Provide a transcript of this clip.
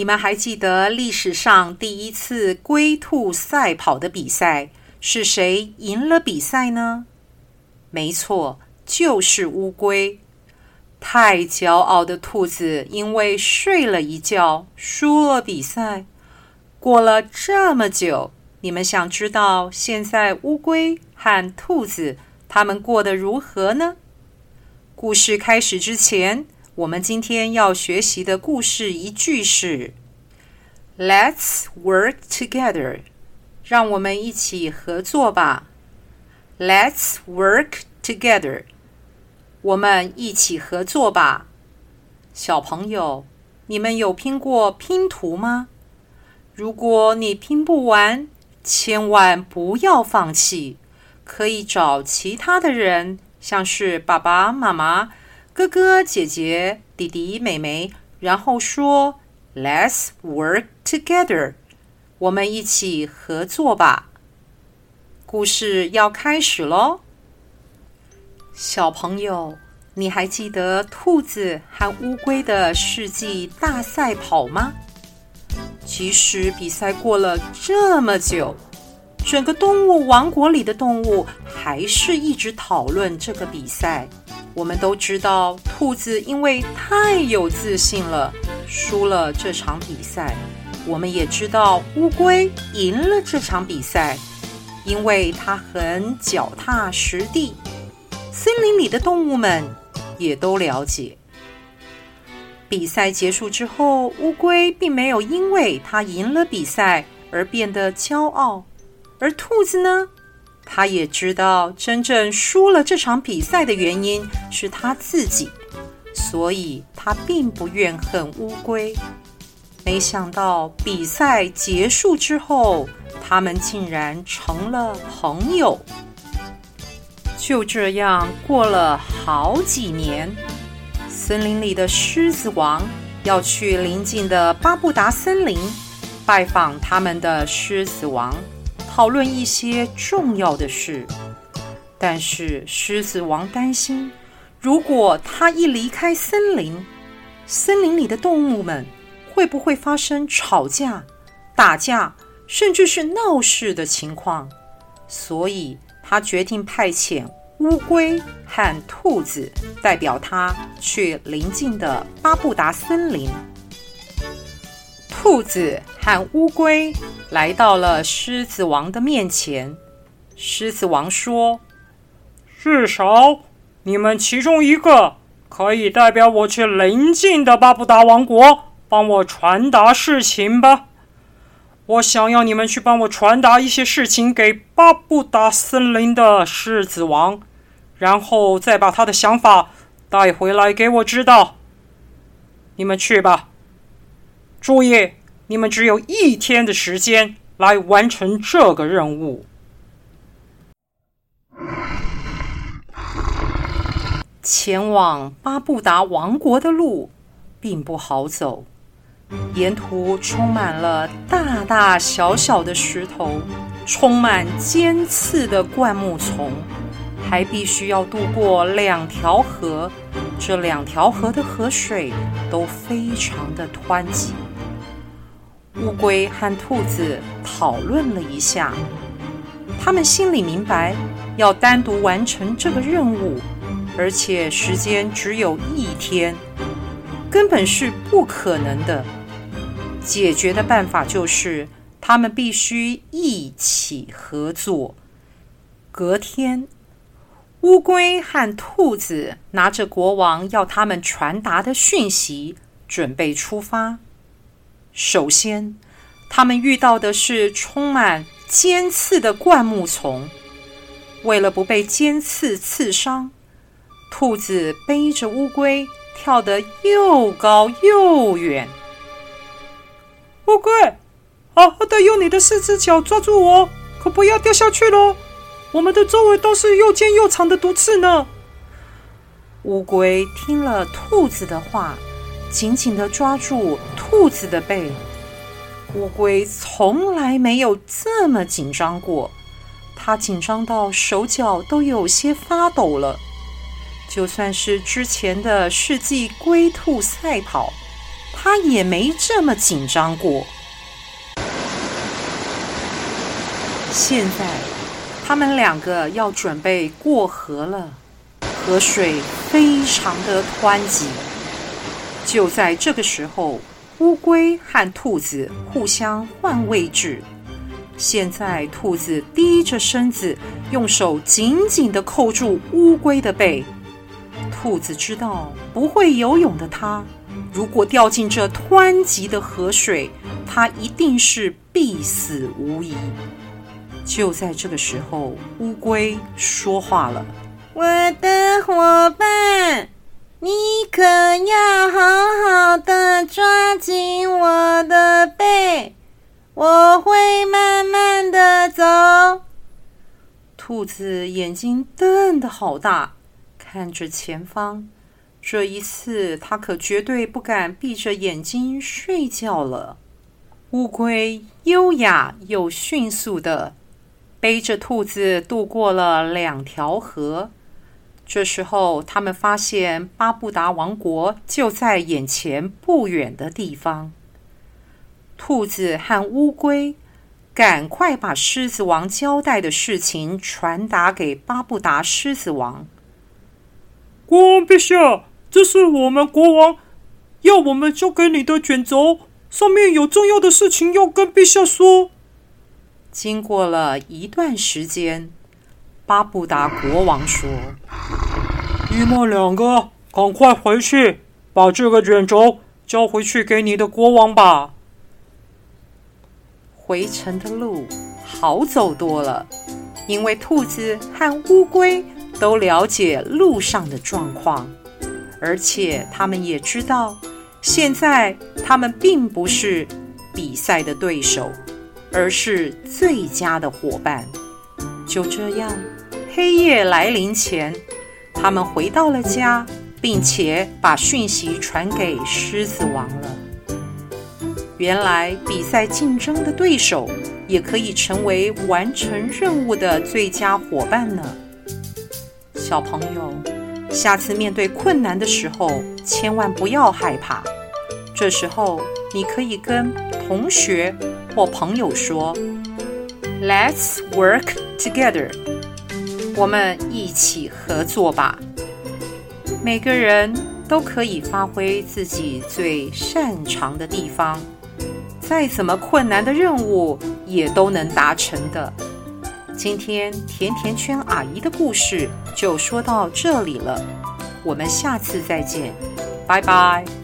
你們還記得歷史上第一次龜兔賽跑的比賽是誰贏了比賽呢？沒錯，就是烏龜。太驕傲的兔子因為睡了一覺，輸了比賽。過了這麼久，你們想知道現在烏龜和兔子他們過得如何呢？故事開始之前，我們今天要學習的故事一句是。Let's work together，讓我們一起合作吧。Let's work together，我們一起合作吧。小朋友，你們有拼過拼圖嗎？如果你拼不完，千萬不要放棄，可以找其他的人，像是爸爸媽媽、哥哥姐姐、弟弟妹妹，然後說 Let's work。Together，我們一起合作吧。故事要開始嘍。小朋友，你還記得兔子和烏龜的世紀大賽跑嗎？即使比賽過了這麼久，整個動物王國裡的動物還是一直討論這個比賽。我們都知道，兔子因為太有自信了，輸了這場比賽。我們也知道烏龜贏了這場比賽，因為它很腳踏實地。森林裡的動物們也都了解。比賽結束之後，烏龜並沒有因為它贏了比賽而變得驕傲。而兔子呢？它也知道真正輸了這場比賽的原因是它自己，所以它並不怨恨烏龜。沒想到比賽結束之後，他們竟然成了朋友。就這樣過了好幾年，森林裡的獅子王要去鄰近的巴布達森林拜訪他們的獅子王，討論一些重要的事。但是獅子王擔心，如果他一離開森林，森林裡的動物們。會不會發生吵架、打架，甚至是鬧事的情況？所以他決定派遣烏龜和兔子代表他去鄰近的巴布達森林。兔子和烏龜來到了獅子王的面前。獅子王說：“至少你們其中一個可以代表我去鄰近的巴布達王國。”幫我傳達事情吧，我想要你們去幫我傳達一些事情給巴布達森林的獅子王，然後再把他的想法帶回來給我知道。你們去吧，注意，你們只有一天的時間來完成這個任務。前往巴布達王國的路並不好走。沿途充滿了大大小小的石頭，充滿尖刺的灌木叢，還必須要渡過兩條河。這兩條河的河水都非常的湍急。烏龜和兔子討論了一下，他們心裡明白，要單獨完成這個任務，而且時間只有一天，根本是不可能的。解決的辦法就是，他們必須一起合作。隔天，烏龜和兔子拿着國王要他們傳達的訊息，準備出發。首先，他們遇到的是充滿尖刺的灌木叢。為了不被尖刺刺傷，兔子背着烏龜跳得又高又遠。烏龜，好好的用你的四隻腳抓住我，可不要掉下去嘍！我們的周圍都是又尖又長的毒刺呢。烏龜聽了兔子的話，緊緊地抓住兔子的背。烏龜從來沒有這麼緊張過，它緊張到手腳都有些發抖了。就算是之前的世紀龜兔賽跑。他也沒這麼緊張過。現在，他們兩個要準備過河了。河水非常的湍急。就在這個時候，烏龜和兔子互相換位置。現在，兔子低着身子，用手緊緊的扣住烏龜的背。兔子知道不會游泳的它。如果掉進這湍急的河水，它一定是必死無疑。就在這個時候，烏龜說話了：“我的夥伴，你可要好好的抓緊我的背，我會慢慢的走。”兔子眼睛瞪得好大，看着前方。這一次，他可絕對不敢閉着眼睛睡覺了。烏龜優雅又迅速地背着兔子渡過了兩條河。這時候，他們發現巴布達王國就在眼前不遠的地方。兔子和烏龜趕快把獅子王交代的事情傳達給巴布達獅子王，國王陛下。這是我們國王要我們交給你的卷軸，上面有重要的事情要跟陛下說。經過了一段時間，巴布達國王說：“你們兩個趕快回去，把這個卷軸交回去給你的國王吧。”回程的路好走多了，因為兔子和烏龜都了解路上的狀況。而且他們也知道，現在他們並不是比賽的對手，而是最佳的夥伴。就這樣，黑夜來臨前，他們回到了家，並且把訊息傳給獅子王了。原來，比賽競爭的對手也可以成為完成任務的最佳夥伴呢，小朋友。下次面對困難的時候，千萬不要害怕。這時候，你可以跟同學或朋友說：“Let's work together。我們一起合作吧。每個人都可以發揮自己最擅長的地方，再怎麼困難的任務也都能達成的。”今天甜甜圈阿姨的故事就說到這裡了，我們下次再見，拜拜。拜拜。